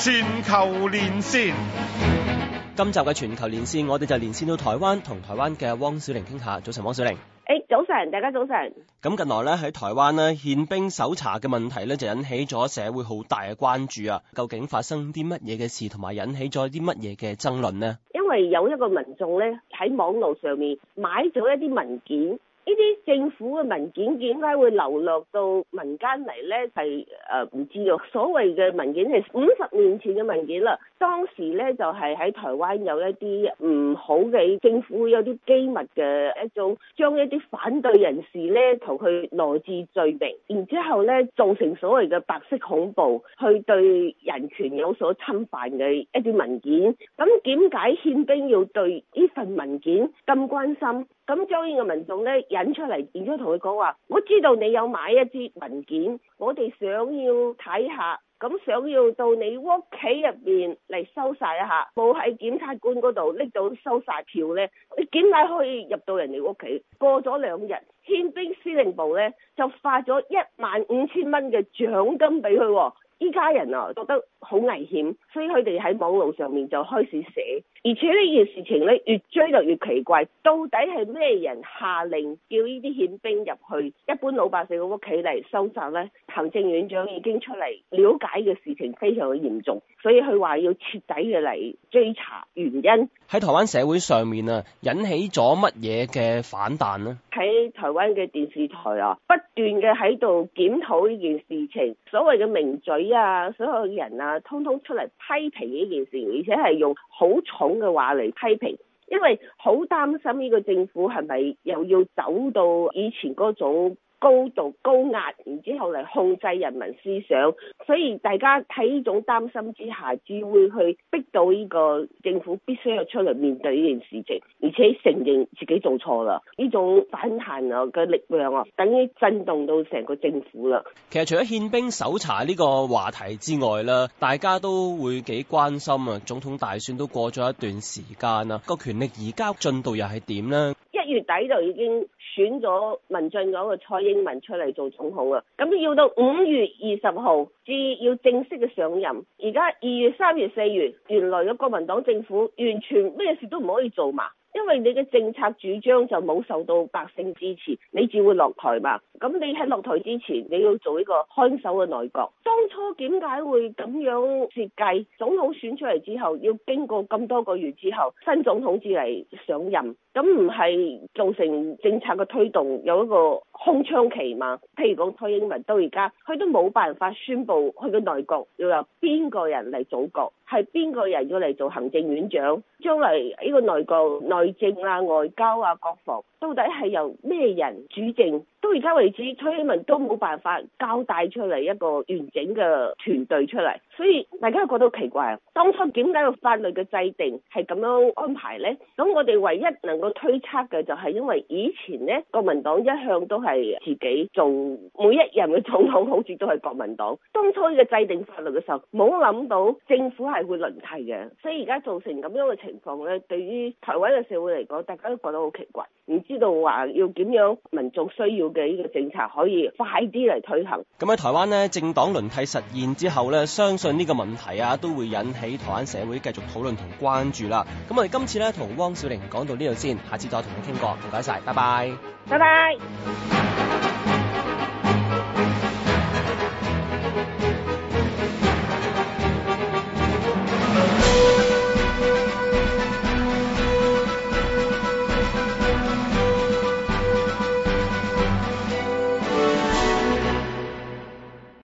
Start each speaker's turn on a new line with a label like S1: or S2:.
S1: 全球連線，今集嘅全球連線，我哋就連線到台灣，同台灣嘅汪小玲傾下。早晨，汪小玲。
S2: 誒，早晨，大家早晨。
S1: 咁近來咧喺台灣呢憲兵搜查嘅問題咧就引起咗社會好大嘅關注啊！究竟發生啲乜嘢嘅事，同埋引起咗啲乜嘢嘅爭論呢？
S2: 因為有一個民眾咧喺網絡上面賣咗一啲文件。呢啲政府嘅文件點解會流落到民間嚟？咧係誒唔知咯。所謂嘅文件係五十年前嘅文件啦，當時咧就係、是、喺台灣有一啲唔好嘅政府有啲機密嘅一種，將一啲反對人士咧同佢羅織罪名，然之後咧造成所謂嘅白色恐怖，去對人權有所侵犯嘅一啲文件。咁點解憲兵要對呢份文件咁關心？咁將邊嘅民眾咧引出嚟，然之後同佢講話，我知道你有買一啲文件，我哋想要睇下，咁想要到你屋企入面嚟收晒一下，冇喺檢察官嗰度拎到收晒票呢。你點解可以入到人哋屋企？過咗兩日，憲兵司令部呢就發咗一萬五千蚊嘅獎金俾佢，依家人啊覺得好危險，所以佢哋喺網路上面就開始寫。而且呢件事情咧，越追就越奇怪，到底係咩人下令叫呢啲憲兵入去一般老百姓嘅屋企嚟搜查咧？行政院長已經出嚟了解嘅事情非常嘅嚴重，所以佢話要徹底嘅嚟追查原因。
S1: 喺台灣社會上面啊，引起咗乜嘢嘅反彈
S2: 咧？喺台灣嘅電視台啊，不斷嘅喺度檢討呢件事情，所謂嘅名嘴啊，所有的人啊，通通出嚟批評呢件事，而且係用好重。嘅話嚟批評，因為好擔心呢個政府係咪又要走到以前嗰種，高度高壓，然之後嚟控制人民思想，所以大家喺呢種擔心之下，只會去逼到呢個政府必須要出嚟面對呢件事情，而且承認自己做錯啦。呢種反彈啊嘅力量啊，等於震動到成個政府啦。
S1: 其實除咗憲兵搜查呢個話題之外啦，大家都會幾關心啊。總統大選都過咗一段時間啦，個權力移交進度又係點呢？
S2: 一月底就已經。選咗民進黨嘅蔡英文出嚟做總統啊！咁要到五月二十號至要正式嘅上任。而家二月、三月、四月，原來嘅國民黨政府完全咩事都唔可以做嘛，因為你嘅政策主張就冇受到百姓支持，你只會落台嘛。咁你喺落台之前，你要做一個看守嘅內閣。當初點解會咁樣設計？總統選出嚟之後，要經過咁多個月之後，新總統至嚟上任，咁唔係造成政策嘅推動有一個空窗期嘛，譬如講蔡英文到而家，佢都冇辦法宣布佢嘅內閣要由邊個人嚟組閣，係邊個人要嚟做行政院長，將嚟呢個內閣內政啊、外交啊、國防，到底係由咩人主政？到而家為止，蔡英文都冇辦法交代出嚟一個完整嘅團隊出嚟，所以大家都覺得好奇怪。當初點解個法律嘅制定係咁樣安排呢？咁我哋唯一能夠推測嘅就係因為以前呢，國民黨一向都係自己做每一任嘅總統，好似都係國民黨。當初嘅制定法律嘅時候，冇諗到政府係會輪替嘅，所以而家造成咁樣嘅情況呢，對於台灣嘅社會嚟講，大家都覺得好奇怪。知道話要點樣民眾需要嘅呢個政策可以快啲嚟推行。
S1: 咁喺台灣咧，政黨輪替實現之後咧，相信呢個問題啊都會引起台灣社會繼續討論同關注啦。咁我哋今次咧同汪小玲講到呢度先，下次再同你傾過。唔該晒，拜拜。
S2: 拜拜。